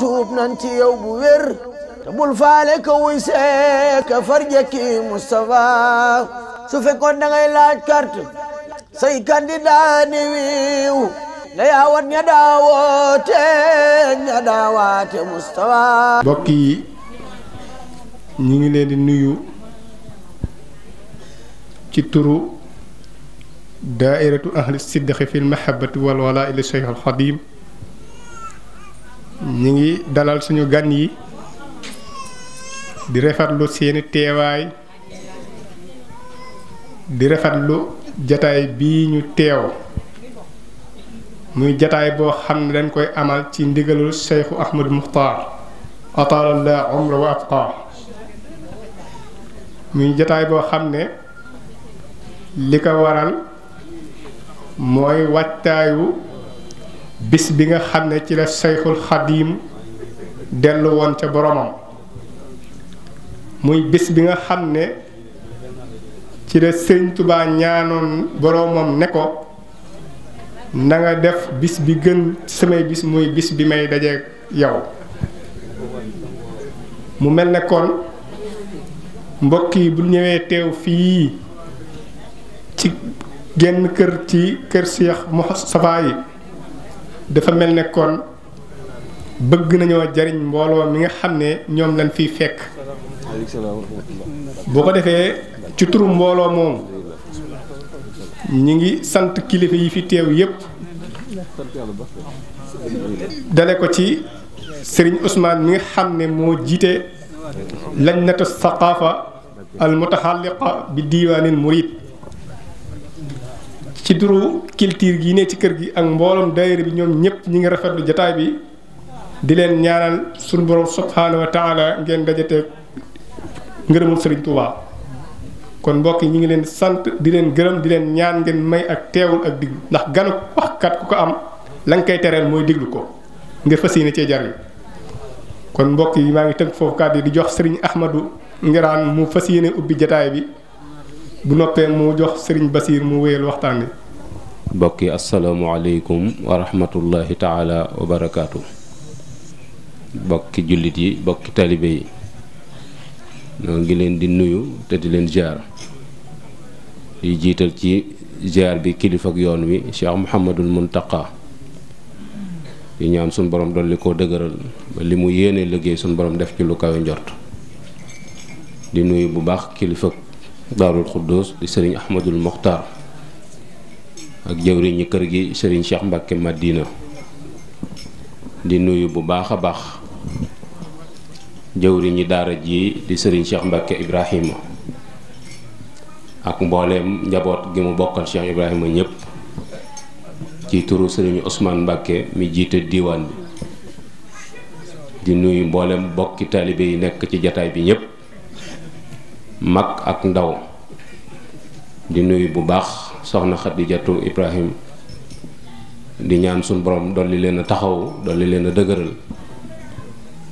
توب ننتي يا بوير تبول فالك ويسك فرجك مصطفى سوف كون داي لاج كارت سي كانديداني ويو لا يا ود نيا داوات نيا داوات مصطفى بوكي نيغي لين نيو نويو تي تورو دائره اهل الصدق في المحبه والولاء للشيخ القديم ñi ngi dalal suñu gan yi di rafetlu seeni teewaay di rafetlu jataay bii ñu teew muy jataay boo xam dañ koy amal ci ndigalul cheikhu ahmad muxtaar ataalallah umra wa afqa muy jataay boo xam ne li ko waral mooy wattaayu bis bi nga xam ne ci la seyxul xadiim dellu ca boromam muy bis bi nga xam ne ci la sëñ tubaa ñaanoon boromam ne ko nanga def bis bi gën samay bis muy bis bi may dajeeg yow mu mel ne kon mbokk yi bu ñëwee teew fii ci genn kër ci kër Seex Moustapha yi dafa mel ne kon bëgg nañoo jariñ mbooloo mi nga xam ne ñoom lañ fi fekk bu ko defee ci turu mbooloo moom ñi ngi sant kilifa yi fi teew yépp dale ko ci sëriñ Ousmane mi nga xam ne moo jiite lajnatu saqafa al bi murid ci turu culture gi ne ci kër gi ak mbooloom daayira bi ñoom ñëpp ñu ngi rafet lu jataay bi di leen ñaanal sunu borom subhaanahu wa taala ngeen dajatee ngërëmul sëriñ Touba. kon mbokk yi ñu ngi leen sant di leen gërëm di leen ñaan ngeen may ak teewul ak diglu ndax ganu kat ku ko am la nga koy tereel mooy diglu ko ngir fas yéene cee jar yi kon mbokk yi maa ngi tënk foofu kàddu yi di jox sëriñ Ahmadou Ngiraan mu fas yéene ubbi jataay bi. bu noppee mu jox sëriñ Basiir mu wéyal waxtaan wi. mbokk yi asalaamaaleykum wa rahmatullahi taala bokki jullit yi bokki talibe yi. ñoo ngi leen di nuyu te di leen ziar. di jiital ci ziar bi kilifa yoon wi Cheikh Mouhamadul Muntaqa. di ñaan sunu borom dolli ko dëgëral li mu yéene liggéey sunu borom def ci lu kawe njort. di nuyu bu baax kilifa. daarul xuddoos di sëriñ ahmadul moxtaar ak jëwriñu kër gi sëriñ cheikh mbàkke madina di nuyu bu baax a baax jëwriñu daara ji di sëriñ cheikh mbàkke ibrahima ak mbooleem njaboot gi mu bokkal cheikh ibrahima ñépp ci turu sëriñu Ousmane mbàkke mi jiite diiwaan bi di nuyu mbooleem bokki taalibe yi nekk ci jataay bi ñépp Mak ak ndaw di nuyu bu baax soxna khadijatu Ibrahim di ñaan sun borom doli leen taxaw doli leen a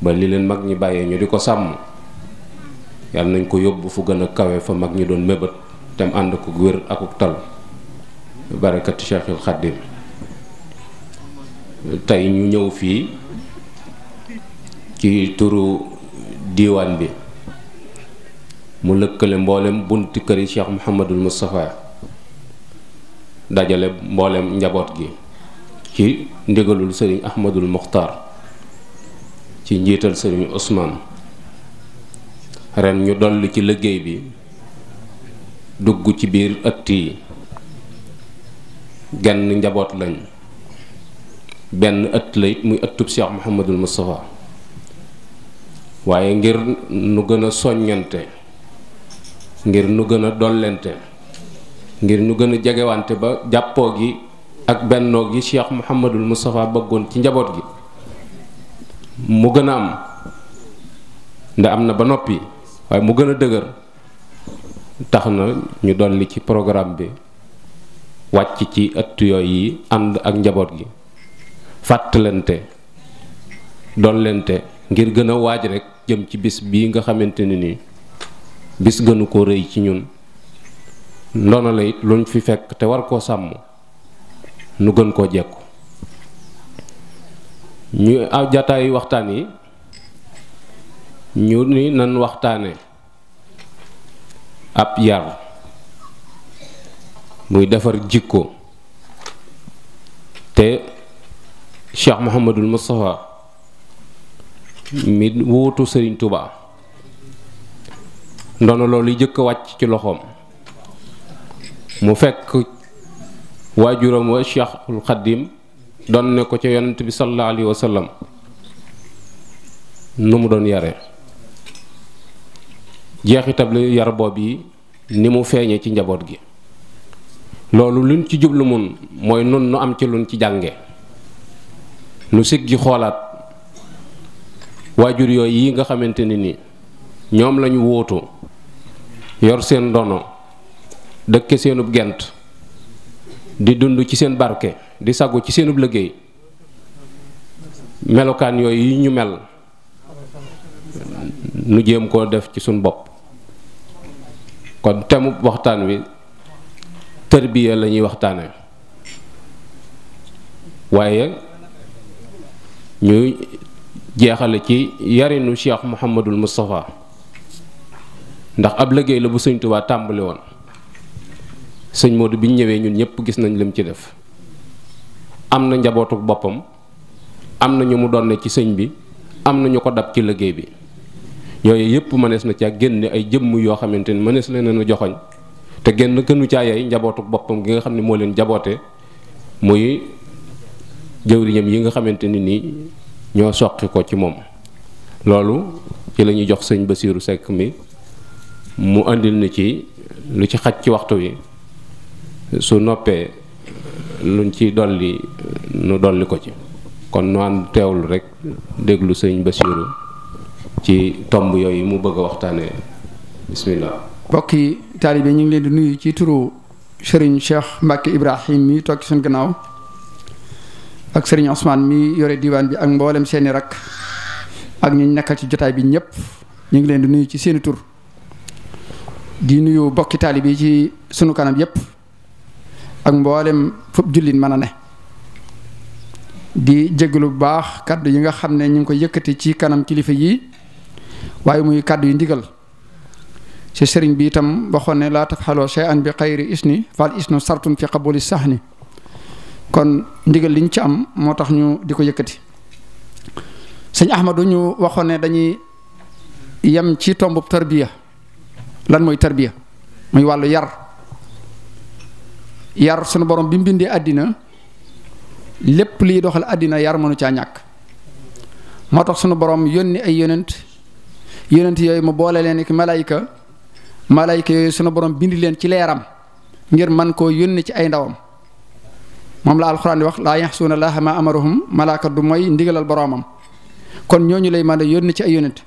ba li leen mag ñi baye ñu di sam yal nañ ko yobbu fu gëna kawé kawe fa mag ñi doon mebeut tem and ko ak akuk tal barakat Cheikhul khadim tay ñu ñew fi ci turu diwan bi mu lëkkale mboolem bunt këri Cheikh Mouhamadul Moustapha dajale mboolem njaboot gi ci ndigalul sëriñ Ahmadul Muxtaar ci njiital sëriñ Ousmane ren ñu dolli ci liggéey bi dugg ci biir ëtt yi genn njaboot lañ benn ëtt la it muy ëttub Cheikh Mouhamadul Moustapha waaye ngir nu gën a soññante ngir nu gën a dollente ngir ñu gën a jegewante ba jàppoo gi ak bennoo gi Cheikh Mouhamadul Moustapha bëggoon ci njaboot gi mu gën a am nde am na ba noppi waaye mu gën a dëgër tax na ñu dolli ci programme bi wàcc ci ëtt yooyu yi ànd ak njaboot gi fàttalante dollente ngir gën a waaj rek jëm ci bis bi nga xamante ne nii bis gënu koo rëy ci ñun ndono la it luñ fi fekk te war koo sàmm nu gën koo jekku ñu aw jataay waxtaan yi ñu ni nan waxtaane ab yar muy defar jikko te Cheikh Mouhamadul Moustapha mi wuutu Sëriñ tubaa ndono loolu jëkk wàcc ci loxoom mu fekk waajuram wa Cheikhul Xadim doon ne ko ca yonent bi sallallahu alayhi nu mu doon yare jeexitab li yar yi ni mu feeñe ci njaboot gi loolu luñ ci jublu mun mooy nun nu am ci luñ ci jànge nu siggi xoolaat waajur yooyu yi nga xamante ni ñoom lañu wóotu yor seen ndono dëkke seenub gent di dund ci seen barke di sagu ci seenub liggéey melokaan yooyu yi ñu mel nu jéem koo def ci suñ bopp kon temub waxtaan wi tërbiya la ñuy waxtaane waaye ñu jeexale ci yarinu Cheikh Mouhamadul Moustapha ndax ab liggéey la bu sëñ Tuubaa tàmbali woon sëñ mootu bi ñu ñëwee ñun ñëpp gis nañ lim ci def am na njabootu boppam am na ñu mu doon ci sëñ bi am na ñu ko dab ci liggéey bi yooyu yëpp mënees na caa génne ay jëmm yoo xamante ni mënees na leen a joxoñ te génn kënu caa yay njabootu boppam gi nga xam ne moo leen njaboote muy jëwriñam yi nga xamante ni nii ñoo soqi ko ci moom loolu ci lañuy jox sëñ Basiiru Sekk mi. mu andil ni ci lu ci xaj ci waxtu wi su noppee luñ ci dolli nu dolli ko ci kon nu ànd teewlu rek déglu sëñ Basiiru ci tomb yooyu mu bëgg a waxtaane bismillah bokki taalibe ñu ngi leen di nuyu ci turu sëriñ Cheikh Mbacke Ibrahim mi toog ci seen gannaaw ak sëriñ Ousmane mi yore diwaan bi ak mboolem seeni rakk ak ñu nekkal ci jotaay bi ñëpp ñu ngi leen di nuyu ci seeni tur di nuyu bokki taalib yi ci sunu kanam yépp ak mboolem fub jullit mën a ne di jégalu bu baax kaddu yi nga xam ne ñu ngi ko yëkkati ci kanam kilifa yi waaye muy kàddu yu ndigal ci sëriñ bi itam waxoon ne laa tafxaloo shay'an bi xayri isni fal isnu sartun fi qabuli sahni kon ndigal liñ ci am moo tax ñu di ko yëkkati sëñ Ahmadu ñu waxoon ne dañuy yem ci tombub tarbiya lan mooy tarbiya muy wàllu yar yar sunu borom bi mu bindee àddina lépp liy doxal àddina yar mënu caa ñàkk moo tax sunu borom yónni ay yonent yonent yooyu mu boole leen ak malayka malayka yooyu sunu borom bind leen ci leeram ngir man koo yónni ci ay ndawam moom la alxuraan di wax laa yaxsuuna laaha ma amaruhum malaaka du mooy ndigalal boroomam kon ñooñu lay mën a yónni ci ay yonent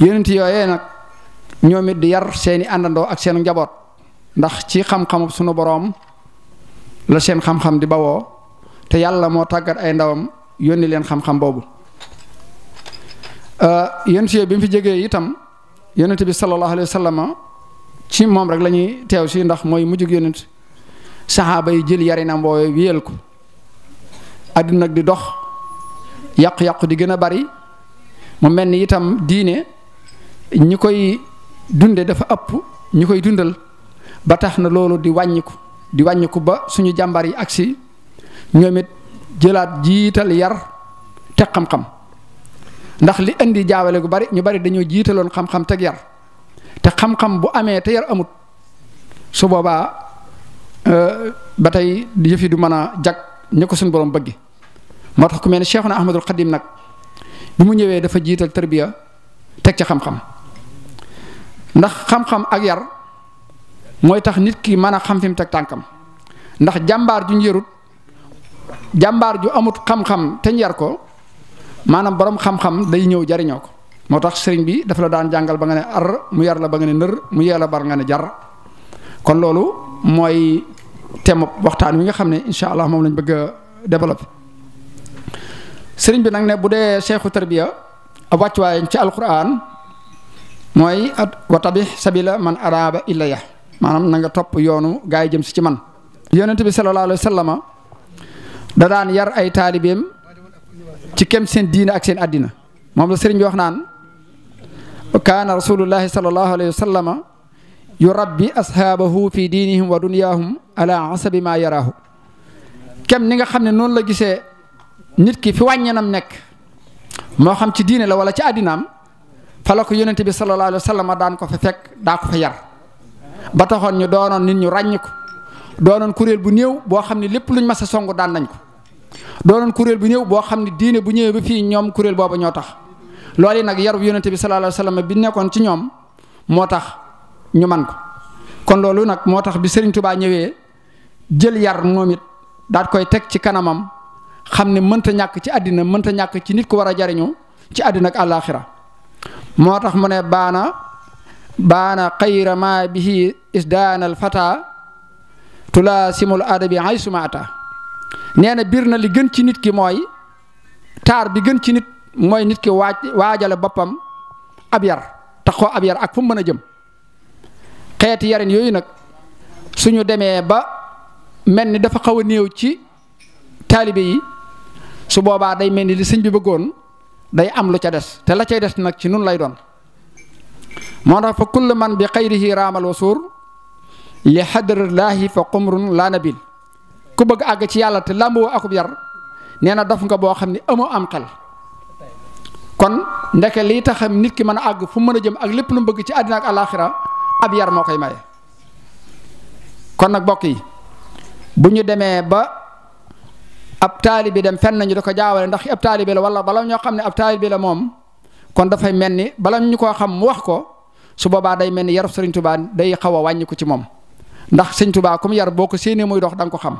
yonent yooyee nag ñoom it di yar seeni àndandoo ak seen njaboot ndax ci xam-xamab sunu boroom la seen xam-xam di bawoo te yàlla moo tàggat ay ndawam yónni leen xam-xam boobu euh, yén siye bi mu fi jógee itam yonent bi sallallahu alayhi wa sallam moom rek la ñuy teew si ndax mooy mujjug yonent saxaaba yi jël yarinam mbooyo wiyal ko àddina nag di dox yàqu-yàqu di gën a bari mu mel ni itam diine ñi koy dunde dafa ëpp ñu koy dundal ba tax na loolu di wàññiku di wàññiku ba suñu jàmbar yi agsi ñoom it jëlaat jiital yar teg xam-xam ndax li indi jaawale gu bari ñu bari dañoo jiitaloon xam-xam teg yar te xam-xam bu amee te yar amut su boobaa euh, ba tey yëf yi du mën a jag ña ko suñu borom bëgg moo tax ku mel ne Cheikhuna Ahmadul Xadim nag bi mu ñëwee dafa jiital tarbiya teg ci xam-xam. ndax xam-xam ak yar moy tax nit ki mana xam fim mu tankam ndax jambar ju yarut jambar ju amut xam-xam te ñar ko manam borom xam-xam day ñew jariñoo ko moo bi dafa la daan jangal ba nga ne ar mu yar la ba nga ne neur mu yela bar nga ne jar kon lolu moy thème waxtaan wi nga xamne ne mom allah lañ bëgg a serigne bi nak ne bu dee tarbiya wacc wayen ci alquran mooy at bi tabi sabila man araaba ilaya maanaam na nga topp yoonu gaa yi jëm si ci man yonent bi sallallahu alayhi wa sallama yar ay taalibeem ci kem seen diine ak seen àddina moom la sëriñ bi wax naan kaana rasulullahi sallallahu alayhi wa sallama yu rabbi ashaabahu fi diinihim wa dunyaahum ala asabi ma yaraahu kem ni nga xam ne noonu la gisee nit ki fi wàññenam nekk moo xam ci diine la wala ci àddinaam fa la ko yonente bi sallallahu alayhi wa sallam daan ko fa fekk daa ko fa yar ba taxoon ñu doonoon nit ñu ràññ ko doonoon kuréel bu néew boo xam ne lépp luñ mas a song daan nañ ko doonoon kuréel bu néew boo xam ne diine bu ñëwee ba fii ñoom kuréel booba ñoo tax loolu yi nag yarub yonente bi sallallahu alayhi wa sallam bi nekkoon ci ñoom moo tax ñu man ko kon loolu nag moo tax bi Serigne Touba ñëwee jël yar moom it daal koy teg ci kanamam xam ne mënta ñàkk ci àddina mënta ñàkk ci nit ku war a jariñu ci àddina ak àllaaxira moo tax mu ne baana baana xayra ma bihi isdaana al fata tulaasimul adabi ay sumaata nee na biir na li gën ci nit ki mooy taar bi gën ci nit mooy nit ki waaj waajale boppam ab yar taxoo ab yar ak fum mu mën a jëm xeeti yarin yooyu nag suñu demee ba mel ni dafa xaw a néew ci taalibe yi su boobaa day mel ni li sëñ bi bëggoon day am lu ca des te la cay des nag ci nun lay doon moo tax fa kull man bi xayrihi raamal wasuur li xadrallaahi fa qumrun laa nabil ku bëgg àgg ci yàlla te làmboo akub yar nee na dof nga boo xam ne amoo am xel kon ndeke lii taxam nit ki mën a àgg fu mën a jëm ak lépp lu mu bëgg ci àddina ak alaaxira ab yar moo koy maye kon nag bokk bu ñu demee ba ab taalibe dem fenn ñu di ko jaawale ndax ab taalibe la wala bala ñoo xam ne ab taalibe la moom kon dafay mel ni bala ñu koo xam mu wax ko su boobaa day mel ni yarub Sëriñ Tuubaa day xaw a wàññi ko ci moom ndax Sëriñ Tuubaa comme yar boo ko séenee muy dox danga ko xam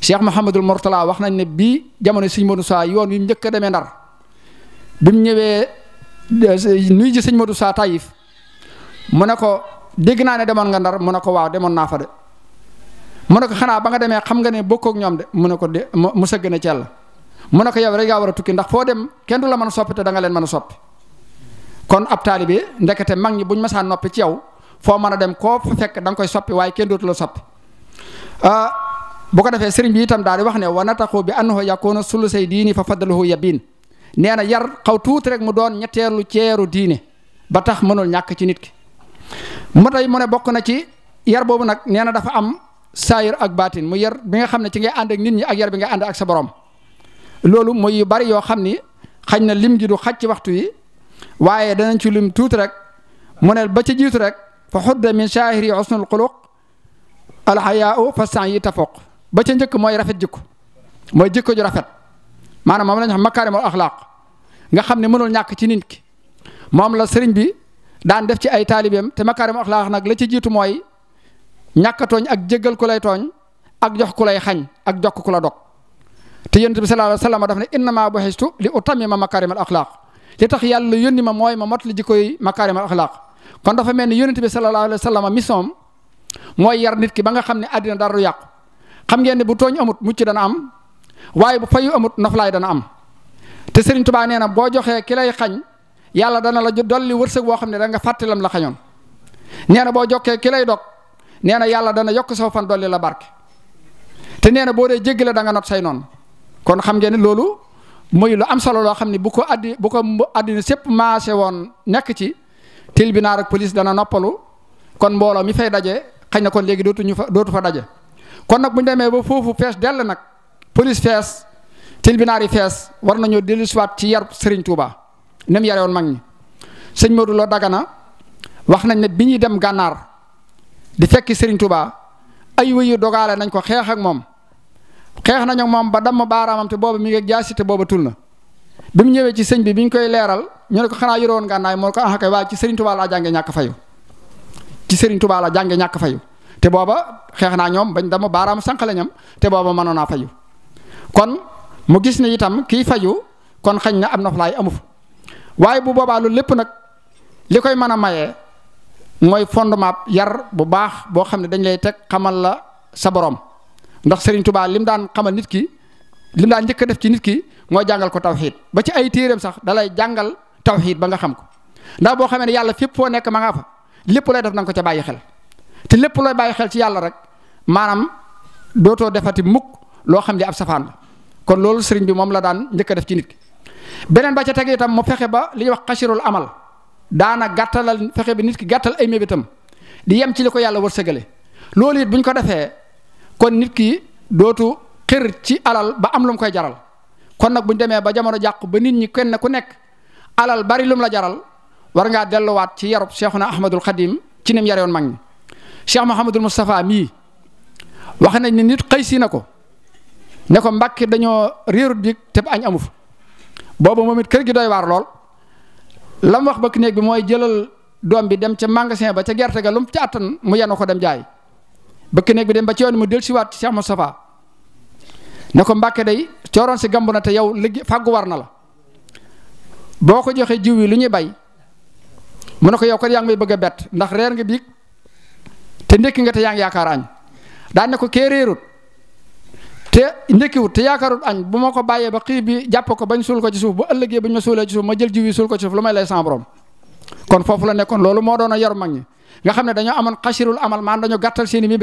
Cheikh Mouhamadul Mourtala wax nañ ne bii jamono Sëriñ Modou saa yoon wi njëkk a demee Ndar bi mu ñëwee eh, nuy ji Sëriñ Modou Sa Taïf mu ne ko dégg naa ne demoon nga Ndar mu ne ko waaw demoon naa mu ne ko xanaa ba nga demee xam nga né bokk ak ñom dé ne ko musa gëna ci Allah mu ko yow rek wara tukki ndax fo dem kën du la mëna soppi da nga leen mëna kon ab talibé ndekete mag ñi buñ masaan noppi ci yow fo mëna dem ko fu fekk da nga koy soppi waye kën dootu la soppi ah, bu ko défé sëriñ bi itam daal di wax né wa nataxu bi annahu yakunu sulusay diini fa fadluhu yabin néna na yar xaw tuut rek mu doon ñetteelu ciéru diiné ba tax mënul ñak ci nit ki bokk na ci yar bobu nak dafa am sayir ak batin mu yar bi nga xamne ci ngay ànd ak nit ñi ak yar bi nga ànd ak sa borom lolu moy yu bari yo xamni xagn na lim gi du xacc waxtu yi da nañ ci lim tuuti rek munel ba ci jiitu rek fa xudda min usnul quluq al alxayaau fa sa'i tafuq ba ci njëkk moy rafet jikko moy jikko ju rafet manam mom lañ wax makarimul akhlaq nga xamni mënul ñak ci nit ki mom la serigne bi daan def ci ay talibem te makarimul akhlaq nak la ci jitu moy ñàkkatooñ ak jéggal ku lay tooñ ak jox ku lay xañ ak jokk ku la dog te yonent bi sallallahu alayhi wa sallam daf ne innama bu'istu li ma makarimal axlaaq li tax yàlla yónni ma mooy ma mot li jikkoy makarimal axlaaq kon dafa mel ni yonent bi sallallahu alayhi wa sallam mission mooy yar nit ki ba nga xam ne àddina dara du yàqu xam ngeen ne bu tooñ amut mucc dana am waaye bu fayu amut noflaay dana am te sëriñ Touba nee na boo joxee ki lay xañ yàlla dana la dolli wërsëg boo xam ne da nga fàttalam la xañoon nee boo jokkee dog nee na yàlla dana yokk saw fan dolli la barke te nee na boo dee jéggale da nga not say noonu kon xam ngeen ne loolu muy lu am solo loo xam ne bu ko addi bu ko addina sépp maase woon nekk ci tilbinaar ak police dana noppalu kon mbooloo mi fay daje xañ na kon léegi dootuñu fa dootu fa daje kon nag bu ñu demee ba foofu fees dell nag police fees tilbinaar yi fees war nañoo dellusiwaat ci yar Serigne Touba ni mu yare woon mag ñi sëñ Modou Lo Dagana wax nañ ne bi ñuy dem gànnaar. di fekki sëriñ tubaa ay wuyu dogale nañ ko xeex ak moom xeex nañ ak moom ba damm baaraamam te booba mi ngi jaasi te booba tul na bi mu ñëwee ci sëñ bi bi ñu koy leeral ñu ne ko xanaa yoroon gànnaay moo ko ah kay ci Serigne Touba ñàkk fayu ci Serigne Touba la ñàkk fayu te booba xeex naa ñoom bañ dama baaraamu sànqale ñam te booba mënoon naa fayu kon mu gis ne itam kii fayu kon xañ na am na fa laay amu fa waaye bu boobaa loolu lépp nag li koy mën a maye moy fondement yar bu baax bo xamne dañ lay tek xamal la sa borom ndax Serigne Touba lim daan xamal nit ki lim daan jëk def ci nit ki moy jangal ko tawhid ba ci ay téréem sax dalay jangal tawhid ba nga xam ko ndax bo xamne yalla fepp fo nek ma nga fa lepp lay def nang ko ci baye xel te lepp lay baye xel ci yalla rek manam doto defati mukk lo xamne ab safan kon loolu Serigne bi mom la daan jëk def ci nit ki benen ba ca tagi tam mo fexé ba li wax qashirul amal. daana gàttalal fexe bi nit ki gàttal ay mébétam di yem ci li ko yàlla wërsëgale loolu it bu ñu ko defee kon nit ki dootu xër ci alal ba am lum koy jaral kon nag bu ñu demee ba jamono jàq ba nit ñi kenn ku nekk alal bari lum la jaral war ngaa delluwaat ci yarub naa Ahmadul Xadim ci nim yarewoon mag ñi Cheikh Mouhamadul Moustapha mii wax nañ ne nit xëy si na ko ne ko mbàkki dañoo réerut bi te añ amuf boobu moom it kër gi doy waar lool. lam wax ba néeg bi mooy jëlal doom bi dem ca magasin ba ca gerte ga lu mu ca attan mu yanu ko dem jaay ba néeg bi dem ba ci yoon mu del siwaat ci Cheikh Moustapha ne ko day cooroon si gambu na te yow liggéey fàggu war la boo ko joxee lu ñuy bay mu ne ko yow ko yaa ngi may bëgg a bett ndax reer nga biig te ndékki nga te yaa ngi yaakaar añ daan ne te ndekkiwut te yaakaarut añ bu ma ko bàyyee ba xiif bi jàpp ko bañ suul ko ci suuf ba ëllëgee bañ ma suulee ci suuf ma jël jiw yi ko ci suuf lu may lay sans kon foofu la nekkoon loolu moo doon a yor mag ñi nga xam ne dañoo amoon xasirul amal maan dañoo gàttal seen i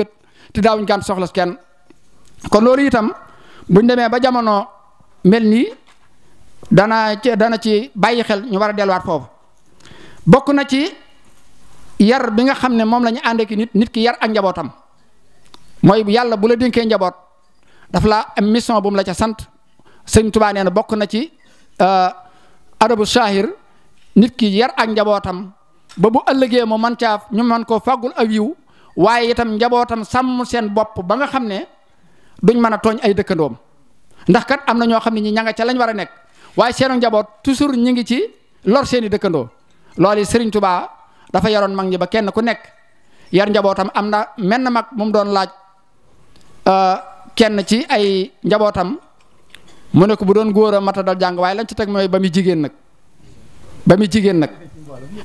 te daawuñ gànt soxlas kenn kon loolu itam buñ demee ba jamono mel nii dana ci dana ci bàyyi xel ñu war a delluwaat foofu bokk na ci yar bi nga xam ne moom lañu ñu ànd ki nit nit ki yar ak njabootam mooy yàlla bu la dénkee njaboot daf laa am mission bu mu la ca sant sëñ Tuubaa nee na bokk na ci euh, adabu shahir nit ki yar ak njabootam ba bu ëllëgee mu man caa ñu man koo fàggul aw yiw waaye itam njabootam sàmm seen bopp ba nga xam ne duñ mën a tooñ ay dëkkandoom ndax kat am na ñoo xam ne ñi ña nga ca lañ war a nekk waaye seenu njaboot toujours ñi ngi ci lor seeni dëkkandoo loolu Serigne tubaa dafa yaroon mag ñi ba kenn ku nekk yar njabootam am na menn mag mu doon laaj. Euh, kenn ci ay njabootam mu ne ko bu doon góor a mata dal jàng waaye lañ ci teg mooy ba muy jigéen nag ba muy jigéen nag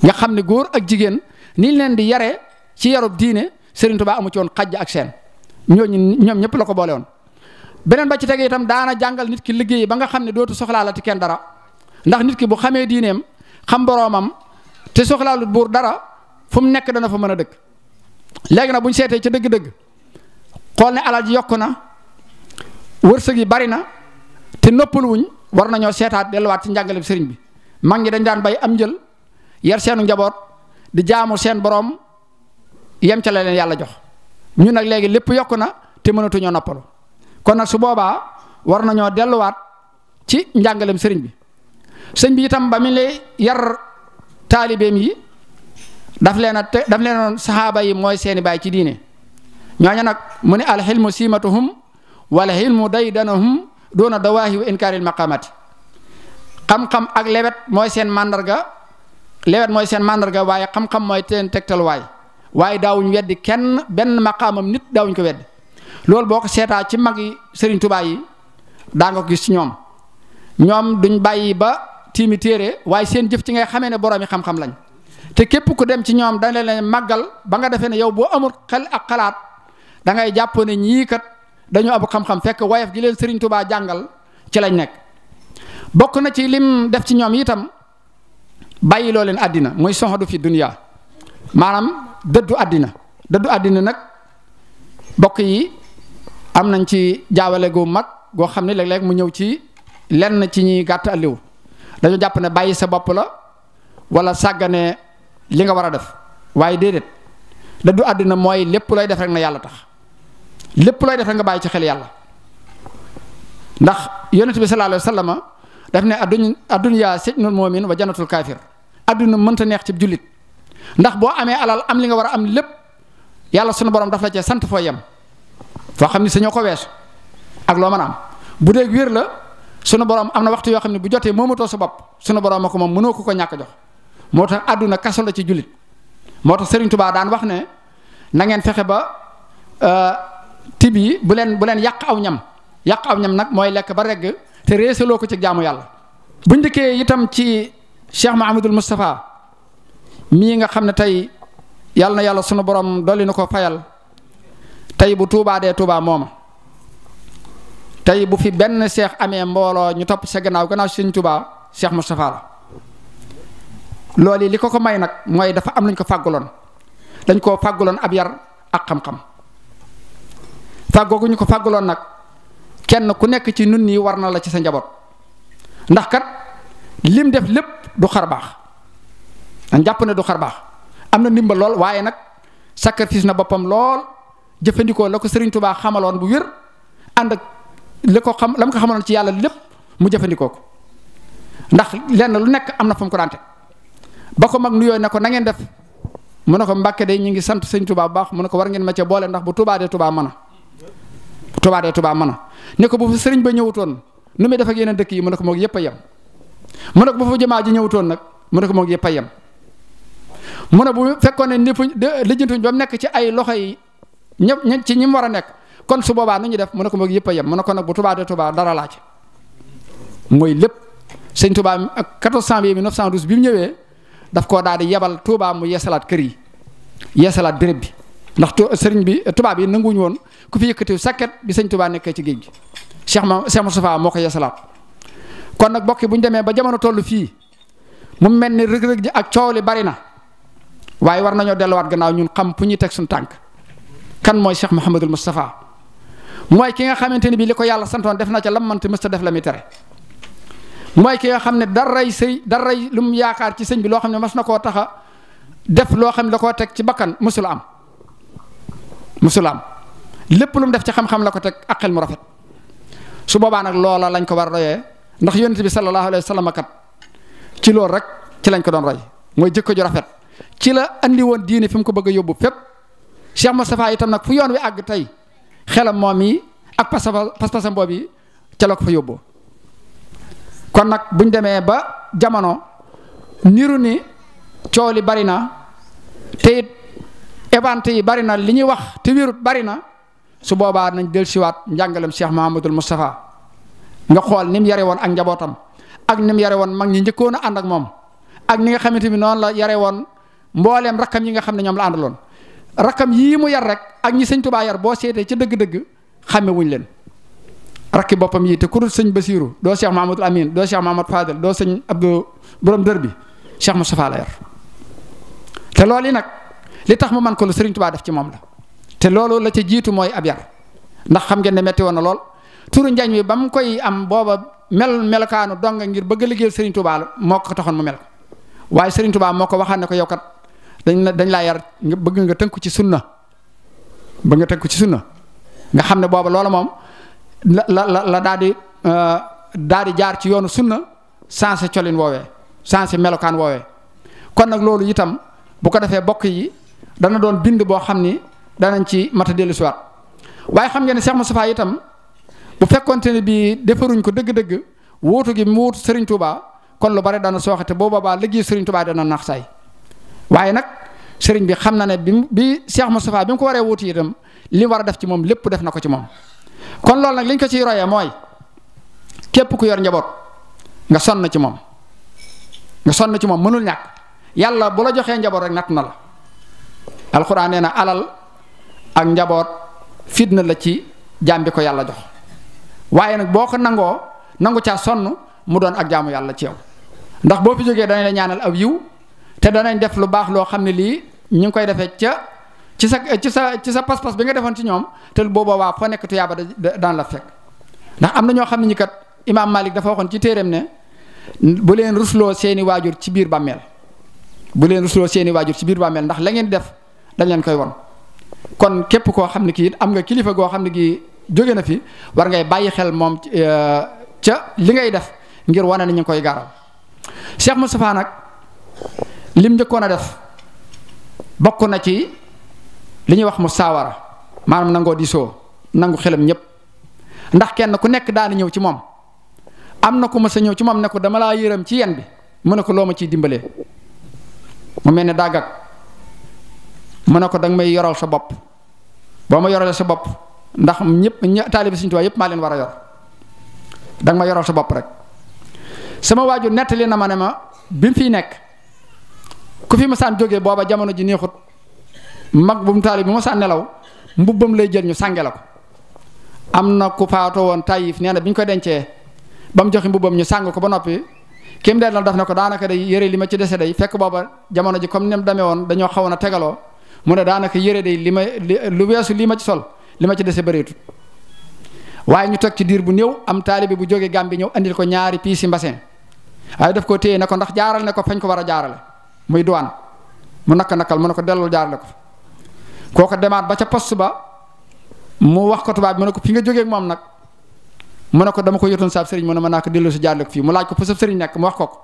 nga xam ne góor ak jigéen ni leen di yare ci yarub diine Serigne Touba amu ci woon xajj ak seen ñooñu ñoom ñëpp la ko boole woon. beneen ba ci tege itam daana jàngal nit ki liggéey ba nga xam ne dootu soxlaalati kenn dara ndax nit ki bu xamee diineem xam boroomam te soxlaalut buur dara fu mu nekk dana fa mën a dëkk léegi nag bu ñu seetee ca dëgg-dëgg xool ne alal ji na. wërsëg yi bari na te noppal war nañoo seetaat delluwaat ci njàngaleem sëriñ bi mag ñi dañ daan bay am njël yar seenu njaboot di jaamu seen boroom yem ca la leen yàlla jox ñun nag léegi lépp yokk na te mënatuñoo noppalu kon nag su boobaa war nañoo delluwaat ci njàngaleem sëriñ bi sëñ bi itam ba mu lay yar taalibeem yi daf leen a te daf leen saxaaba yi mooy seeni baay ci diine ñooñu nag mu ne alxilmu siimatuhum wala moo day danahum doona dawaahi wa inkaaril maqaamati xam-xam ak lewet mooy seen màndarga lewet mooy seen màndarga waaye xam-xam mooy seen tegtal waay waaye daawuñ weddi kenn benn maqaamam nit daawuñ ko weddi loolu boo ko seetaa ci mag yi Serigne Touba yi daa nga ko gis ci ñoom ñoom duñ bàyyi ba tiimi téere waaye seen jëf ci ngay xamee ne boroomi xam-xam lañ te képp ku dem ci ñoom dañ leen màggal ba nga defee ne yow boo amul xel ak xalaat dangay jàpp ne dañu abu xam-xam fekk wayef gi leen Serigne Touba jangal ci lañ nek bokk na ci lim def ci ñom itam bayyi lo leen adina moy sohadu fi dunia manam deddu adina deddu adina nak bokk yi am nañ ci jaawale gu mag go xamni leg leg mu ñew ci lenn ci ñi gatt aliw dañu japp ne bayyi sa bop la wala sagane li nga wara def waye dedet deddu adina moy lepp def rek na yalla tax lépp looy def nga bàyyi ci xel yàlla ndax yonent bi sallallahu alayhi wa a daf ne adduñ addunya sijnul mu'min wa jannatul kaafir adduna mënta neex ci jullit ndax boo amee alal am li nga war a am lépp yàlla sunu borom daf la cee sant foo yam foo xam ne sañoo ko weesu ak loo mën a am bu dee wér la sunu borom am na waxtu yoo xam ne bu jotee moomatoo sa bopp sunu borom a ko moom mënoo ko ko ñàkk jox moo tax adduna kaso la ci jullit moo tax Serigne Touba wax na ngeen fexe ba. Euh, tib yi bu leen bu leen yàq aw ñam yàq aw ñam nag mooy lekk ba regg te réesaloo ko ci jaamu yàlla bu njëkkee itam ci Cheikh Mahamadul Moustapha mii nga xam ne tey yàlla na yàlla sunu borom dolli na ko fayal tey bu tuubaa dee tuubaa mooma tey bu fi benn seex amee mbooloo ñu topp sa gannaaw gannaaw sëñ Tuubaa Cheikh Moustapha la loolu li ko ko may nag mooy dafa am lañ ko fàgguloon dañ koo fàgguloon ab yar ak xam-xam fàggooguñu ko fàgguloon nak kenn ku nekk ci nun ni warna la ci sa njabot ndax kat lim def lepp du xar bax an japp ne du xar bax amna nimba lol waye nak sacrifice na bopam lol jëfandikoo lako Serigne Touba xamalon bu wér and ak lako xam lam ko xamalon ci yalla lepp mu ko ndax lenn lu nekk amna fam ko dante bako mag nuyo ne na ngeen def mu ne ko Mbàkke day ñi ngi sante Serigne Touba bax mu ne ko war ngeen ma ca boole ndax bu Touba de Touba mana Touba de Touba mën a ne ko bu fa sëriñ ba ñëwutoon nu muy def ak yeneen dëkk yi mu a ko moog yépp a yem mu ne ko bu fa nag mu ne moog yëpp a yem mu fekkoon ne ni fu lijjantuñ ba mu nekk ci ay loxo yi ñëpp ña ci ñi mu war a nekk kon su boobaa nu ñu def mu ne ko moog yëpp a yem mu ne ko nag bu Touba tubaa Touba dara laaj mooy lépp sëñ Touba ak 1400 bi 1912 bi mu ñëwee daf koo daal di yebal Touba mu yeesalaat kër yi yeesalaat béréb bi. ndax serigne bi tubaab yi nanguwuñu won ku fi yëkëti sakkat bi serigne tuba nekk ci géej Cheikh ma Cheikh Moustapha moko yassalat kon nak bokki bu démé ba jamono tollu fi mu melni ni rëg-rëg ji ak ciowli bari na waye war nañu delu wat gannaaw ñun xam puñu tek sun tànk kan moy Cheikh mohammed al mustafa moy ki nga xamanteni bi liko yàlla santon def na ca lam man te mësta def lamuy tere moy ki nga xamne ne daray sëy daray lu mu yaakaar ci serigne bi lo xamne ne mas na taxa def lo xamne lako tek ci bakkan musul am musulaam lépp lu def ci xam-xam la ko teg ak xel mu rafet su boobaa nag loola lañ ko war a royee ndax yonent bi sallallahu alayhi wa kat ci loolu rek ci lañ ko doon roy mooy jikko ju rafet ci la andi woon diine fi mu ko bëgg a yóbbu fépp Cheikh Moustapha itam nag fu yoon wi àgg tey xelam moom yi ak pas-pasam boobu yi ca la ko fa yóbbu kon nag buñ demee ba jamono niru ni coow li bari na évente yi bari na li ñuy wax te wérut bari na su boobaa nañ siwaat njàngaleem Cheikh Mahamadul Moustapha nga xool ni mu yare woon ak njabootam ak ni mu yare woon mag ñi njëkkoon a ànd ak moom ak ni nga xamante ni noonu la yare woon mbooleem rakkam yi nga xam ne ñoom la àndaloon rakkam yii mu yar rek ak ñi sëñtu Tubaa yar boo seetee ca dëgg-dëgg xàmme wuñ leen rakki boppam yi te ku sëñ Basiiru doo Cheikh Mahamadul Amin doo Cheikh Mahamad Fadel doo sëñ Abdou borom dër bi Cheikh Moustapha la li tax mu man ko lu Serigne Touba def ci moom la te loolu la ca jiitu mooy ab yar ndax xam ngeen ne metti woon na lool turu njañ wi ba mu koy am booba mel melokaanu dong ngir bëgg a liggéeyal Serigne moo ko taxoon mu mel waaye Serigne Touba moo ko waxaan ne ko yow kat dañ la dañ laa yar nga bëgg nga tënku ci sunna ba nga tënku ci sunna nga xam ne booba loola moom la la la la daal di euh, daal di jaar ci yoonu sunna sensé colin woowee sensé melokaan woowee kon nag loolu itam bu ko defee bokk yi dana doon bind boo xam ni danañ ci mat a dellu siwaat waaye xam ngeen ne Cheikh Moustapha itam bu fekkonte ne bii defaruñ ko dëgg-dëgg wuutu gi mu wuutu Serigne Touba kon lu bari dana sooxate boo boobaa liggéey Serigne Touba dana nax saay waaye nag sëriñ bi xam na ne bi bi Cheikh Moustapha bi mu ko waree wuutu itam li war a def ci moom lépp def na ko ci moom kon loolu nag liñ ko ciy royee mooy képp ku yor njaboot nga sonn ci moom nga sonn ci moom mënul ñàkk yàlla bu la joxee njaboot rek natt na la. alxuraan nee na alal ak njaboot fitna la ci jaam bi ko yàlla jox waaye nag boo ko nangoo nangu caa sonn mu doon ak jaamu yàlla ci yow ndax boo fi jógee danañ la ñaanal aw yiw te danañ def lu baax loo xam ne lii ñu koy defee ca ci sa sa ci sa pas bi nga defoon ci ñoom te booba waa foo nekk tuyaaba daan la fekk ndax am na ñoo xam ne ñi kat imaam Malik dafa waxoon ci téeréem ne bu leen rusloo seeni waajur ci biir bàmmeel bu leen rusloo seeni waajur ci biir bàmmeel ndax la ngeen def dañ leen koy won kon képp koo xam ne kii am nga kilifa goo xam ne kii jóge na fi war ngay bàyyi xel moom euh, ca li ngay def ngir wane ni koy garal Cheikh Moustapha nag lim njëkkoon a def bokk na ci li ñuy wax mu saawara maanaam nangoo di soo nangu xelam ñëpp ndax kenn ku nekk daana ñëw ci moom am na ku ma sa ñëw ci moom ne ko dama laa yërëm ci yenn bi mu ne ko loo ma ciy dimbalee mu mel ni dàggag mu ne ko danga may yoral sa bopp boo ma yoralee sa bopp ndax ñëpp ña taalibe Sëriñ Tuubaa yëpp maa leen war a yor danga ma yoral sa bopp rek sama waajur nettali na ma ne ma bi mu fiy nekk ku fi masaan jógee booba jamono ji neexut mag bu mu taalibe bi masaan nelaw mbubbam lay jël ñu sànge la ko am na ku faatoo woon Taïf nee na bi ñu ko dencee ba mu joxe mbubbam ñu sàng ko ba noppi kim dee daf ne ko daanaka day yëre li ma ci dese day fekk booba jamono ji comme ni mu demee woon dañoo xawoon a tegaloo mu ne daanaka yére de li ma lu weesu lii ma ci sol li ma ci dese bëreetul waaye ñu toog ci diir bu néew am taalibe bu jógee Gàmbi ñëw andil ko ñaari piisi mbasin waaye daf ko téye na ko ndax jaaral ne ko fañ ko war a jaarale muy duwaan mu nakk nakal mu ne ko dellul jaarale ko kooko demaat ba ca poste ba mu wax ko tubaab mu ne ko fi nga jógee moom nag mu ne ko dama ko yotoon saab sëriñ mu ne mën naa ko delloo si jaarale ko fii mu laaj ko fa sab nekk wax ko ko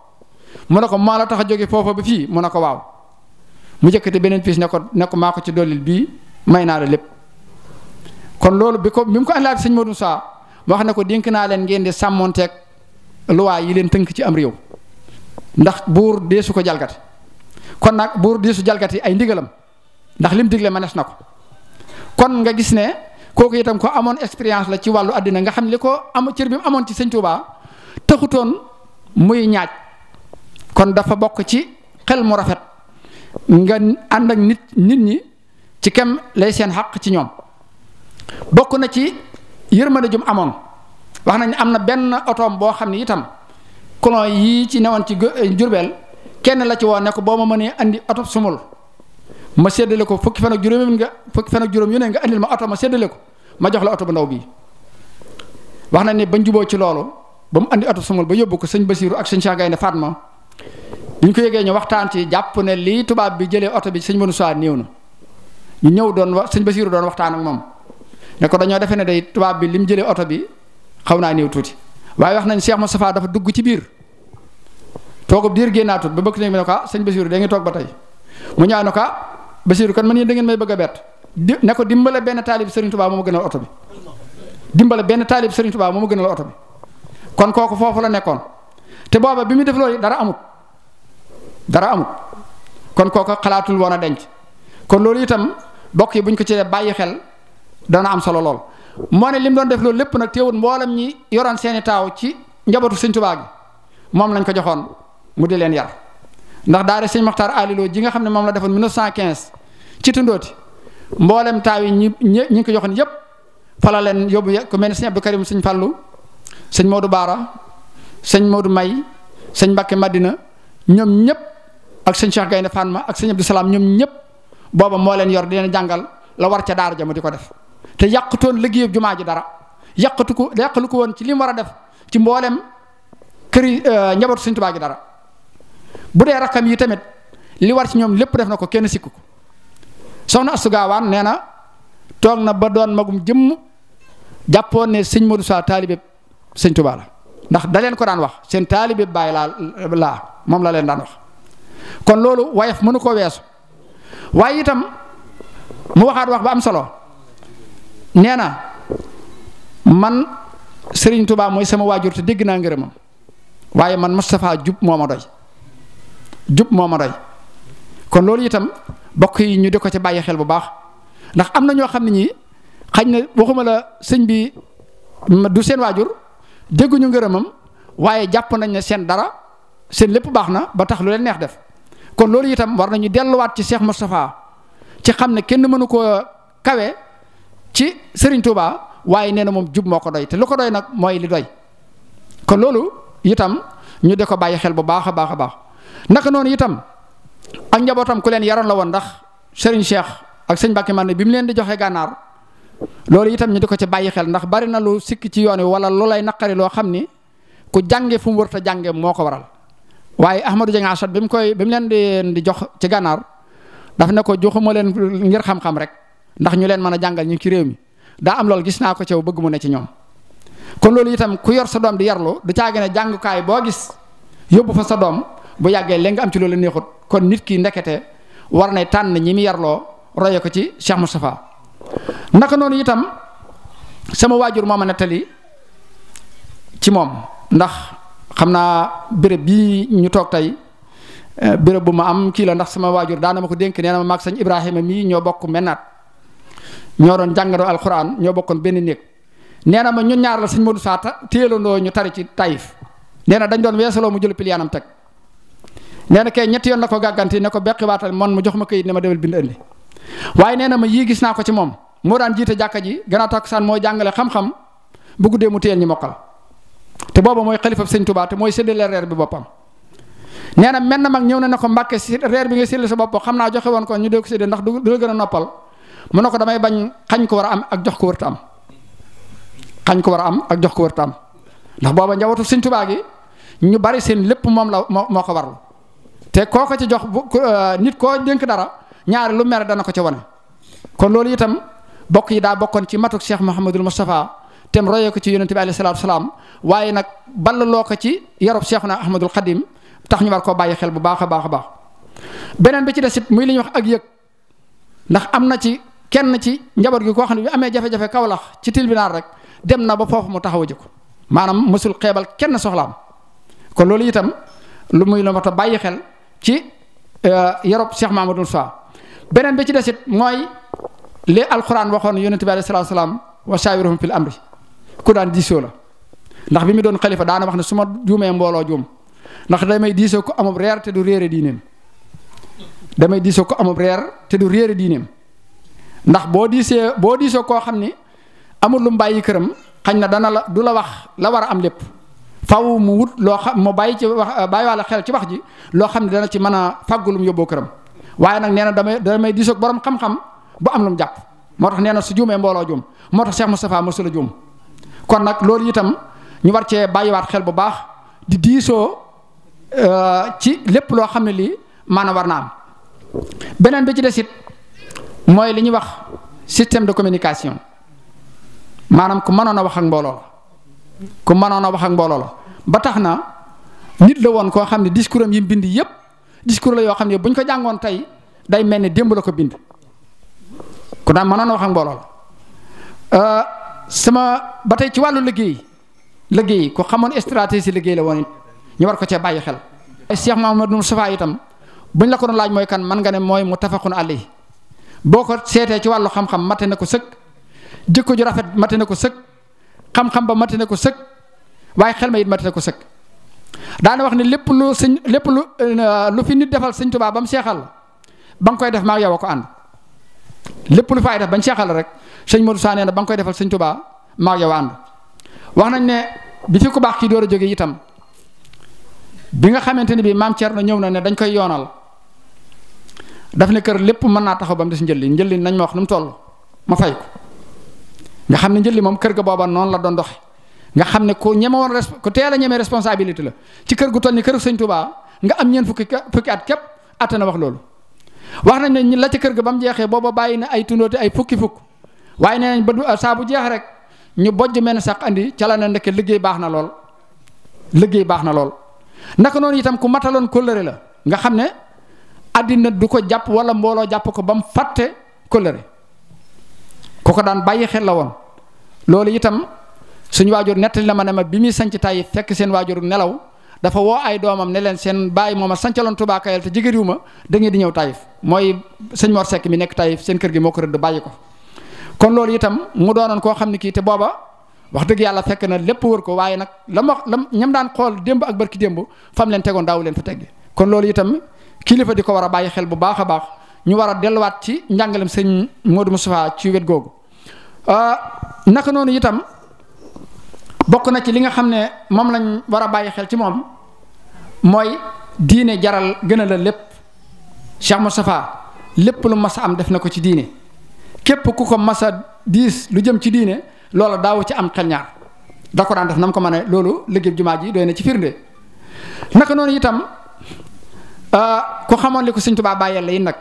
mu ne ko maa la tax a jóge foofa ba fii mu ko waaw mu jëkkati beneen piis ne ko ne ko maa ko ci dollil bii may naa la lépp kon loolu bi ko bi mu ko àndaat sëñ Modou Sa wax ne ko dénk naa leen ngeen di sàmmonteeg luwaa yi leen tënk ci am réew ndax buur deesu ko jalgati kon nag buur deesu jalgati ay ndigalam ndax lim digle nees na ko kon nga gis ne kooku itam ko amoon expérience la ci wàllu àddina nga xam li ko am cër bi mu amoon ci sëñ Touba taxutoon muy ñaaj kon dafa bokk ci xel mu rafet nga and ak nit nit ñi ci kem lay seen xaq ci ñoom bokk na ci yërmande jum amoon wax nañ am na benn otoom boo xam ne itam colon yi ci newoon ci eh, jurbeel kenn la ci woo ko boo ma mënee andi oto sumul ma séddale ko fukki fan ak juróom nga fukki fan ak juróom yu ne nga andil ma oto ma séddale ko ma jox la oto bu ndaw bi wax nañ ne bañ juboo ci loolu ba andi oto sumul ba yóbbu ko sëñ Basiru ak sëñ Chagaay ne Fatma bi ñu ko yëgee ñu waxtaan ci jàpp ne lii tubaab bi jëlee oto bi sëñ Manoune Souare néew na ñu ñëw doon wa sëñ Basiiru doon waxtaan ak moom ne ko dañoo defee ne day tubaab bi lim jële oto bi xaw naa néew tuuti waaye wax nañ seex Cheikh Moustapha dafa dugg ci biir toogub diir génnaatut ba bëgg nañ ne ko ah da ngeen toog ba tey mu ñaaw ne ko ah Basiiru kon man yéen da bëgg a bett ne ko dimbale benn taalib Serigne Touba moo ma gënal oto bi dimbale benn taalib Serigne Touba moo ma gënal oto bi kon kooku foofu la nekkoon te booba bi mu def loolu dara amul kon kooka xalaatul woon a denc kon loolu itam bokk yi buñ ko ci bàyyi xel dana am solo lool. moo ne lim doon def loolu lépp nag teewut mboolem ñi yoroon seeni taaw ci njabootu sëñ Tuubaa gi moom lañ ko joxoon mu di leen yar ndax daara sëñ Maxtaar Aliloo ji nga xam ne moom la defoon 1915 ci tundooti mboolem taaw yi ñi ñi ñu ngi ko joxoon yëpp fa la leen yóbbu ku mel ne sëñ Abdou Karim sëñ Fallou sëñ Modou Baara sëñ Modou May sëñ Mbakke Madina ñoom ñëpp. ak sëñ Cheikh Gaynde Fatma ak sëñ Abdou Salaam ñoom ñëpp booba moo leen yor di leen jàngal la war ca daara ja mu di ko def te yàqutoon liggéeyub jumaa ji dara yàqatu ko yàqalu ko woon ci li war a def ci mboolem këri euh, njabootu sëñ Tuubaa gi dara bu dee rakkam yi tamit li war ci ñoom lépp def na ko kenn sikku ko soxna Astu Gaawaan nee na toog na ba doon magum jëmm jàppoon ne sëñ mënu Sa taalibe sëñ Tuubaa la ndax da leen ko daan wax seen taalibe bàyyi laa laa moom la leen daan wax. kon loolu wayaf mënu koo weesu waaye itam mu waxaat wax ba am solo nee na man Serigne Touba mooy sama waajur te dégg naa ngërëmam waaye man Moustapha jub moo ma doy jub moo ma doy kon loolu itam bokk yi ñu di ko ci bàyyi xel bu baax ndax am na ñoo xam ne ñii xañ na waxuma la sëñ bi du seen waajur dégguñu ngërëmam waaye jàpp nañ ne seen dara seen lépp baax na ba tax lu leen neex def. kon loolu itam war nañu delluwaat ci Cheikh Moustapha ci xam ne kenn mënu koo kawe ci sëriñ Touba waaye nee na moom jub moo ko doy te lu ko doy nag mooy li doy kon loolu itam ñu de ko bàyyi xel bu baax a baax a baax naka noonu itam ak njabootam ku leen yaroon la woon ndax Serigne Cheikh ak sëñ Mbacke man ne bi mu leen di joxe gànnaar loolu itam ñu di ko ci bàyyi xel ndax bari na lu sikk ci yoon wi wala lu lay naqari loo xam ni ku jànge fu mu wërta jànge moo ko waral waye Ahmadou Dieng Asad bim koy bim len di di jox ci ganar daf ne ko joxuma len ngir xam-xam rek ndax ñu len mëna jangal ñu ci rew mi da am loolu gis na ko ci bëgg mu ne ci ñom kon loolu itam ku yor sa dom di yarlo du caagi ne kay bo gis yobbu fa sa dom bu yagge léegi nga am ci loolu neexut kon nit ki ndekete war na tan ñi mi yarlo roye ko ci Cheikh mustafa naka non itam sama wajur moo natali ci mom ndax. xam naa bërëb bii ñu toog tey eh, béréb bu ma am kii la ndax sama waajur daana ma ko dénk nee na ma maag sëñ Ibrahima mii ñoo bokk mennaat ñoo doon jàngandoo alxuraan ñoo bokkoon benn néeg nee na ma ñun ñaar la sëñ Modou Saata téelandoo ñu tari ci Taïf nee na dañ doon weesaloo mu jël piliyaanam teg nee na kay ñetti yoon na ko gàgganti ne ko beqi waatal man mu jox ma këyit ne ma demal bind andi waaye nee ma yii gis naa ko ci moom moo daan jiite jàkka ji gannaaw takkusaan moo jàngale xam-xam bu guddee mu téyel ñi mokkal te booba mooy xalifab sëñ Tuubaa te mooy séddale reer bi boppam nee na menn mag ñëw na ne ko mbàkke reer bi nga séddale sa bopp xam naa joxe woon ko ñu dee ko séddee ndax du la gën a noppal mu ne ko damay bañ xañ ko war a am ak jox ko ko war a am ak jox ko wërta ndax booba njabootu sëñ Tuubaa gi ñu bari seen lépp moom la moo moo ko warlu te koo ko ci jox euh, nit koo dénk dara ñaari lu mere dana ko ca wane kon loolu itam bokk yi daa bokkoon ci matuk Cheikh Mouhamadul Moustapha tem royee ko ci yonent bi alayhi salaatu salaam waaye nag ballaloo ko ci yarub Seexuna Ahmadul Xadim tax ñu war koo bàyyi xel bu baax a baax a baax beneen bi ci des it muy li ñuy wax ak yëg ndax am na ci kenn ci njaboot gi koo xam ne bi amee jafe-jafe kawlax ci tribunal rek dem na ba foofu mu taxaw ji ko maanaam mësul xeebal kenn soxlaam kon loolu itam lu muy la mat a bàyyi xel ci yarub Cheikh Mamadou Sa beneen bi ci des it mooy li alquran waxoon yonent bi alayhi salaatu salaam wa saawirhum fil amri ku daan diisoo la ndax bi mu doon xalifa daana wax ne su ma juumee mbooloo juum ndax damay diisoo ko amub reer te du réere diineem damay diisoo ko amub reer te du réere diineem ndax boo diisee boo diisoo koo xam ni amul lu mu bàyyi këram xañ na dana la du la wax la war a am lépp faw mu wut loo xam mu bàyyi ci wax bàyyi wàlla xel ci wax ji loo xam ne dana ci mën a fàggulum yóbboo këram waaye nag nee na damay damay diisoo borom xam-xam bu am lu mu jàpp moo tax nee na su juumee mbooloo juum moo tax Cheikh Moustapha mosula juum kon nag loolu itam ñu war cee bàyyiwaat xel bu baax di diisoo euh, ci lépp loo xam ne lii maanaam war naa am beneen bi ci des it mooy li ñuy wax système de communication maanaam ku mënoon a wax ak mbooloo la ku mënoon a wax ak mbooloo la ba tax na nit la woon koo xam ne discours am yi mu bind yëpp discours la yoo xam ne bu ñu ko jàngoon tey day mel ni démb la ko bind ku daan mënoon a wax ak mbooloo la. Euh, sama ba tey ci wàllu liggéey liggéey ko xamoon stratégie liggéey la woon ñu war ko cee bàyyi xel. Cheikh Mahamadou safa itam buñ la ko doon laaj mooy kan man nga ne mooy muttafaqun alayhi boo ko seetee ci wàllu xam-xam mate na ko sëkk jikko ju rafet mate na ko sëkk xam-xam ba mate na ko sëkk waaye xel ma it mate na ko sëkk daana wax ni lépp lu sëñ lépp lu lu fi nit defal sëñ Tuubaa ba mu seexal ba nga koy def maa yow ko ànd. lépp lu faay def bañ seexal rek sëñ Modou Sa nee na ba nga koy defal sëñ Tuubaa maa yow wax nañ ne bi fi ku baax kii door a jógee itam bi nga xamante ne bii maam Thierno ñëw na ne dañ koy yoonal daf ne kër lépp mën naa taxaw ba des njëlli njëlli nañ ma wax nu mu toll ma fay ko nga xam ne njëlli moom kër ga booba noonu la doon doxe nga xam ne ku ñeme woon resp ku responsabilité la ci kër gu toll ni kër sëñ Tuubaa nga am ñeen fukki fukki at képp atte na wax loolu. wax nañ ne la ci kër gi ba mu jeexee booba bàyyi na ay tundoote ay fukki fukk waaye nee nañ ba euh, saa bu jeex rek ñu bojj mel sax andi ca la na ndeke liggéey baax na lool liggéey baax na lool naka noonu itam ku mataloon kóllëre la nga xam ne àddina du ko jàpp wala mbooloo jàpp ko ba mu fàtte kóllëre ku ko daan bàyyi xel la woon loolu itam suñ waajur nettali na ma ne ma bi muy sanc tàyyi fekk seen waajuru nelaw dafa woo ay doomam ne leen seen bàyyi mooma sancaloon Touba Kayel te jigéen ma da ngeen di ñëw Taïf mooy sëñ Mor Seck mi nekk Taïf seen kër gi moo ko rëdd bàyyi ko kon loolu itam mu doonoon koo xam ne kii te booba wax dëgg yàlla fekk na lépp wër ko waaye nag la ma lam ñam daan xool démb ak barki démb fam leen tegoon daawu leen fa tegge kon loolu itam kilifa di ko war a bàyyi xel bu baax a baax ñu war a delluwaat ci njàngalem sëñ Modou Moustapha ci wet googu ah, naka noonu itam bokk na ci li nga xam ne moom lañ war a bàyyi xel ci moom mooy diine jaral gën la lépp Cheikh Moustapha lépp lu mas am def na ko ci diine képp ku ko mas a diis lu jëm ci diine loolu daawu ci am xel ñaar da ko daan def na mu ko mën a loolu liggéey jumaa ji doy na ci firnde naka noonu itam ah, ku xamoon li ko sëñ Touba bàyyeel la yi nag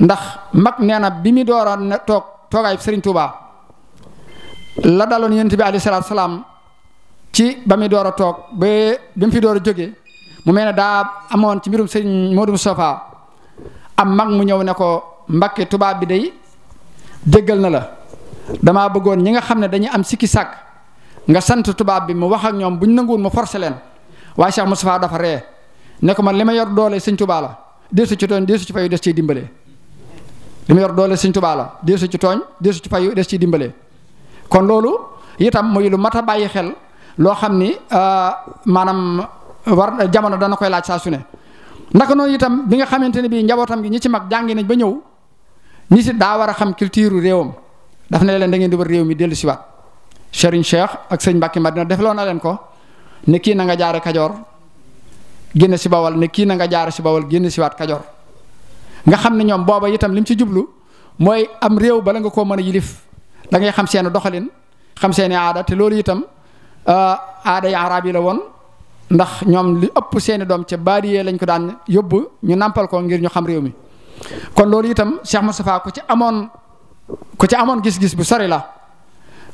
ndax mag nee na bi mu dooroon toog toogaay Sëriñ Touba la daloon yonent bi alayhi salaam ci ba muy door a toog ba bi mu fi door a jóge mu mel ne daa amoon ci mbirum sëñ Modou Moustapha am mag mu ñëw ne ko Mbakke tubaab bi day jéggal na la damaa bëggoon ñi nga xam ne dañu am sikki sàkk nga sant tubaab bi mu wax ak ñoom bu ñu nanguwul mu forcé leen waaye Cheikh Moustapha dafa ree ne ko man li ma yor doole sëñ tubaa la deesu ci tooñ deesu ci fayu des ciy dimbale ma yor doole sëñ tubaa la deesu ci tooñ deesu ci fayu des ciy dimbale kon loolu itam muy lu mat a bàyyi xel loo xam ni euh, maanaam war jamono dana koy laaj saa su ne naka noonu itam bi nga xamante ne bii njabootam gi ñu ci mag jàngi nañ ba ñëw ñi si daa war a xam culture réewam daf ne leen da ngeen di war réew mi dellu siwaat Serigne Cheikh ak sëñ Mbacke Madina defloo na leen ko ne kii na nga jaare Kajoor génn si bawal ne kii na nga jaare si bawal génn siwaat Kajoor nga xam ne ñoom booba itam lim ci jublu mooy am réew bala nga koo mën a yilif da ngay xam seen doxalin xam seen aada te loolu itam Euh, aaday arab yi la woon ndax ñoom li ëpp seeni doom ca baadiyee lañ ko daan yóbbu ñu nàmpal ko ngir ñu xam réew mi kon loolu itam Cheikh Moustapha ku ci amoon ku ci amoon gis-gis bu sori la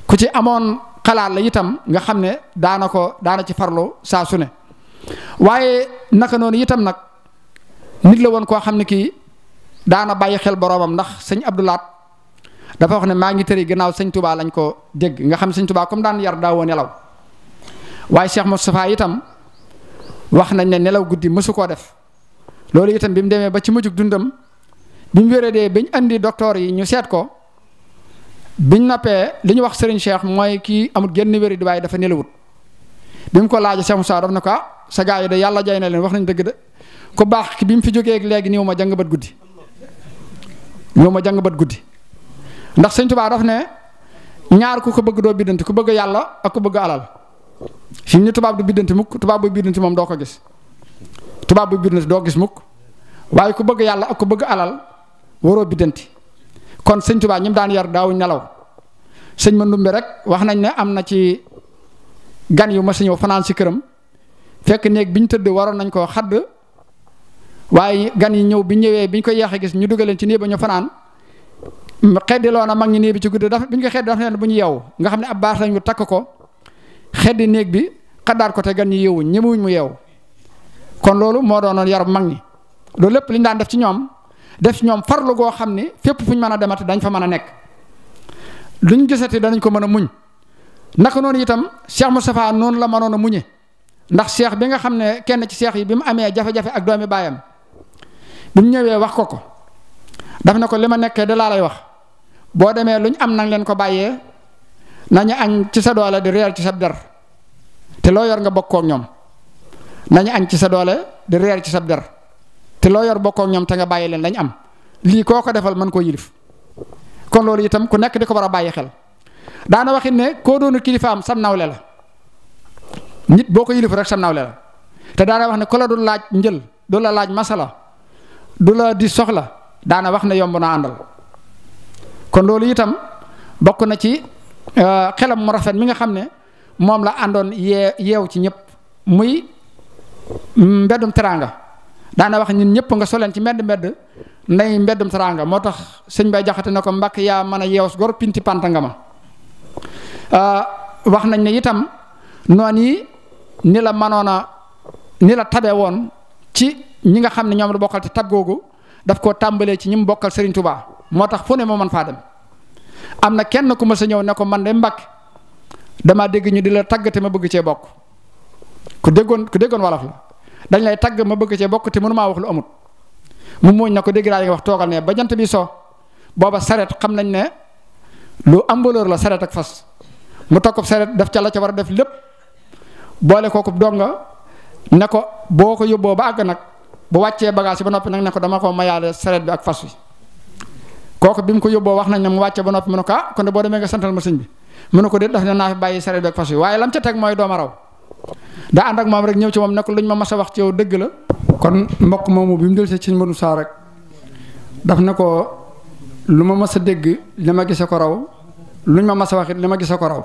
ku ci amoon xalaat la itam nga xam ne daana ko daana ci farlu saa su ne waaye naka noonu itam nag nit la woon koo xam ne kii daana bàyyi xel boroomam ndax sëñ Abdoulaat dafa wax ne maa ngi tëri gannaaw sëñ Touba lañ ko dégg nga xam sëñ Touba comme daan yar daa woon nelaw waaye Cheikh Moustapha itam wax nañ ne nelaw guddi mësu koo def loolu itam bi mu demee ba ci mujjug dundam bi mu wéradee biñ andi docteur yi ñu seet ko biñ nappee li ñu wax Serigne Cheikh mooy kii amul genn wéradi waaye dafa nelawut bi mu ko laajee Cheikh Moustapha daf na ko ah, sa gaa yi de yàlla jay na leen wax nañ dëgg de ku baax ki bi mu fi jógee léegi ñëw ma jàng bat guddi ñëw ma jàng bat guddi ndax Sëñ Tuubaa daf ne ñaar ku ko bëgg doo biddanti ku bëgg yàlla ak ku bëgg alal. fi mu tubaab du biddanti mukk tubaab bu biddanti moom doo ko gis tubaab bu biddanti doo gis mukk waaye ku bëgg yàlla ak ku bëgg alal waroo biddanti kon sëñ tubaab ñi mu daan yar daawuñ nelaw sëñ ma ndumbe rek wax nañ ne am na ci gan yu ma si fanaan si këram fekk néeg bi ñu tëdd waroon nañ koo xadd waaye gan yi ñëw bi ñëwee bi ñu koy yeexee gis ñu dugaleen ci nii ba ñu fanaan xeddi loo na mag ñu nii bi ci guddi daf bi ñu koy xeddi daf leen bu ñu yeewu nga xam ne ab baax lañu takk ko xeddi néeg bi xaddaat ko te gan ñi yeewuñ ñemewuñ mu yeewu kon loolu moo doonoon yarub mag ñi loolu lépp liñ daan def ci ñoom def ci ñoom farlu goo xam ni fépp fu ñu mën a demati dañ fa mën a nekk luñ gisati danañ ko mën a muñ naka noonu itam Cheikh Moustapha noonu la mënoon a muñe ndax cheikh bi nga xam ne kenn ci cheikh yi bi mu amee jafe-jafe ak doomi baayam bi mu ñëwee wax ko ko daf ne ko li ma nekkee da lay wax boo demee luñ am nang leen ko bàyyee nañu añ ci sa doole di reer ci sa der te loo yor nga bokkoo ñoom nañu añ ci sa doole di reer ci sa der te loo yor bokkoo ñoom te nga bàyyi leen lañ am lii koo ko defal mën koo yilif kon loolu itam ku nekk di ko war a bàyyi xel daana waxit ne koo doonu kilifaam sam nawle la nit boo ko yilif rek sam nawle la te daana wax ne ku la du laaj njël du la laaj masala du la di soxla daana wax ne yomb naa àndal kon loolu itam bokk na ci Euh, xelam mu rafet mi nga xam ne moom la àndoon yee yeew ci ñëpp muy mbeddum teraanga daana wax ñun ñëpp nga soleen ci mbedd mbedd nday mbeddum teraanga moo tax sëñ bay jaxate na ko mbàkk yaa man a yeew gor pinti panta nga ma euh, wax nañ ne itam noonu yi ni la mënoon a ni la tabe woon ci ñi nga xam ne ñoom la bokkal te tab googu daf koo tàmbalee ci ñi mu bokkal Serigne Touba moo tax fu ne moo mën faa dem am kenn ku ma sa ñew ne ko man de mbacke dama dégg ñu di la tàgg te ma bëgg ci cebok ku déggoon ku déggoon walaf la dañ lay tag ma bëgg ci bok te mënuma wax lu amut mu moñ na ko dégg nga wax togal ne ba jant bi so boba saret xam nañ ne lu ambaloor la saret ak fas mu tokkob saret daf ci la ci wara def lepp boole koku donga ne ko boo ba ag nak bu wacce bagage ba nopi nak ne ko dama ko mayale saret bi ak fas wi kooku bim ko yobbo wax nañ ne mu wacce ba noppi mu ko ah, kon de boo nga santal ma señ bi mu ko déet ndax fi sare doog fasu waye lam ca teg mooy dooma raw da and ak mom rek ñew ci mom nak luñ ma massa wax ci yow deug la kon mbokk momu bim mu del ci señ Modou Sa rek daf ne ko lu ma mas a ko raw luñ ma massa waxit wax gisse ko raw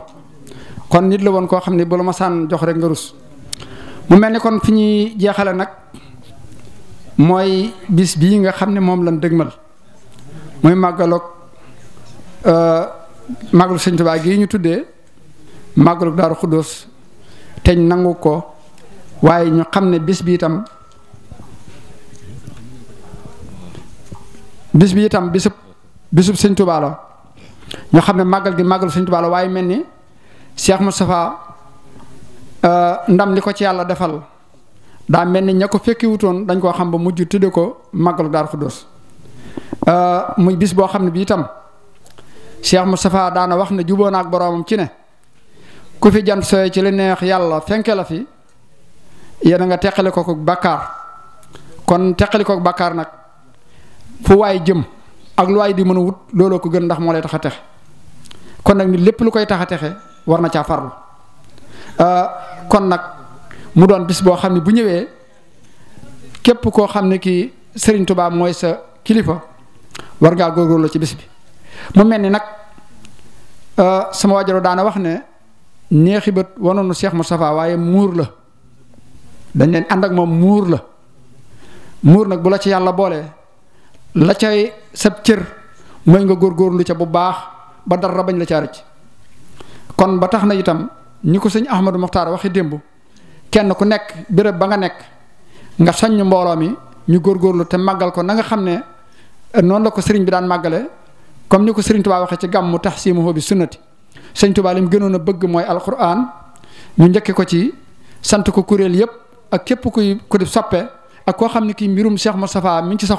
kon nit la won ko xamni bu luma san jox rek nga rus mu melni kon fiñi ñuy nak moy bis bi nga xamni mom lan muy màggalook euh, màggalu sëñ Tuubaa gi ñu tuddee màggalu Daaru Xuddoos teñ nangu ko waaye ñu xam ne bis bi itam bis bi itam bisub bisub sëñ Tuubaa la ñu xam ne màggal gi màggalu sëñ Tuubaa waaye mel ni Cheikh Moustapha euh, ndam li ko ci yàlla defal daa mel ni ña ko fekki wutoon dañ koo xam ba mujj tuddee ko màggalu Daaru Xuddoos Euh, muy bis boo xam ne bi itam Cheikh Moustapha daana wax ne juboo ak boroomam ci ne ku fi jant sooy ci li neex yàlla fenke la fi yéen nga teqali ko ko bàkkaar kon teqali ko bakar nag fu waay jëm ak lu waay di mën a wut looloo ko gën ndax moo lay tax a texe kon nag nit lépp lu koy tax a texe war na caa euh, kon nag mu doon bis boo xam ne bu ñëwee képp koo xam ne Serigne Touba mooy sa kilifa. war góor góorgóorlu ci bis bi mu mel ni nag euh, sama waajaro daana wax ne neexi bët wanoonu Cheikh Moustapha waaye muur la dañ leen ànd ak moom muur la muur nag bu la ci yàlla boolee la cay sab cër mooy nga góor góorlu ca bu baax ba dara bañ la caa rëcc kon ba tax na itam ñi ko sëñ Ahmadou Mokhtar waxi démb kenn ku nekk béréb ba nga nekk nga soññ mbooloo mi ñu góor góorgóorlu te màggal ko na nga xam ne noonu la ko sëriñ bi daan màggale comme ni ko sëriñ Tuubaa waxee ci gàmmu tahsimuhu bi sunnati sëriñ Tuubaa lim gënoon a bëgg mooy alquran ñu njëkke ko ci sant ko kuréel yëpp ak képp kuy ku di ak koo xam ne kii mbirum Cheikh Moustapha mi ngi ci sa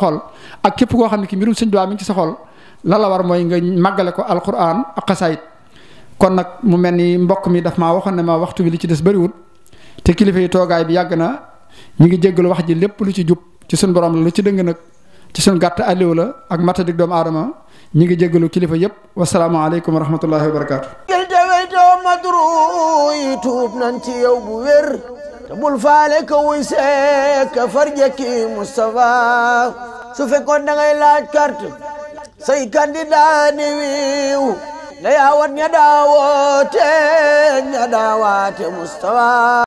ak képp koo xam ne kii mbirum sëriñ Tuubaa mi ngi ci sa xol la la war mooy nga màggale ko alquran ak xasaayit kon nag mu mel ni mbokk mi daf ma waxoon ne ma waxtu bi li ci des bëriwul te kilifa yi toogaay bi yàgg na ñu ngi jéggalu wax ji lépp lu ci jub ci suñu borom la lu ci dëng nag ci seen gàtt àlliw la ak matadik doomu aadama ñi ngi jéggalu kilifa yépp wasalaamaaleykum wa rahmatullahi wa barakaatu ci yow bu wér te bul faale ka wuy seek farjëkki Moustapha su fekkoon da laaj carte say candidat ni wiiw na yaawat ña daawote ña daawaate Moustapha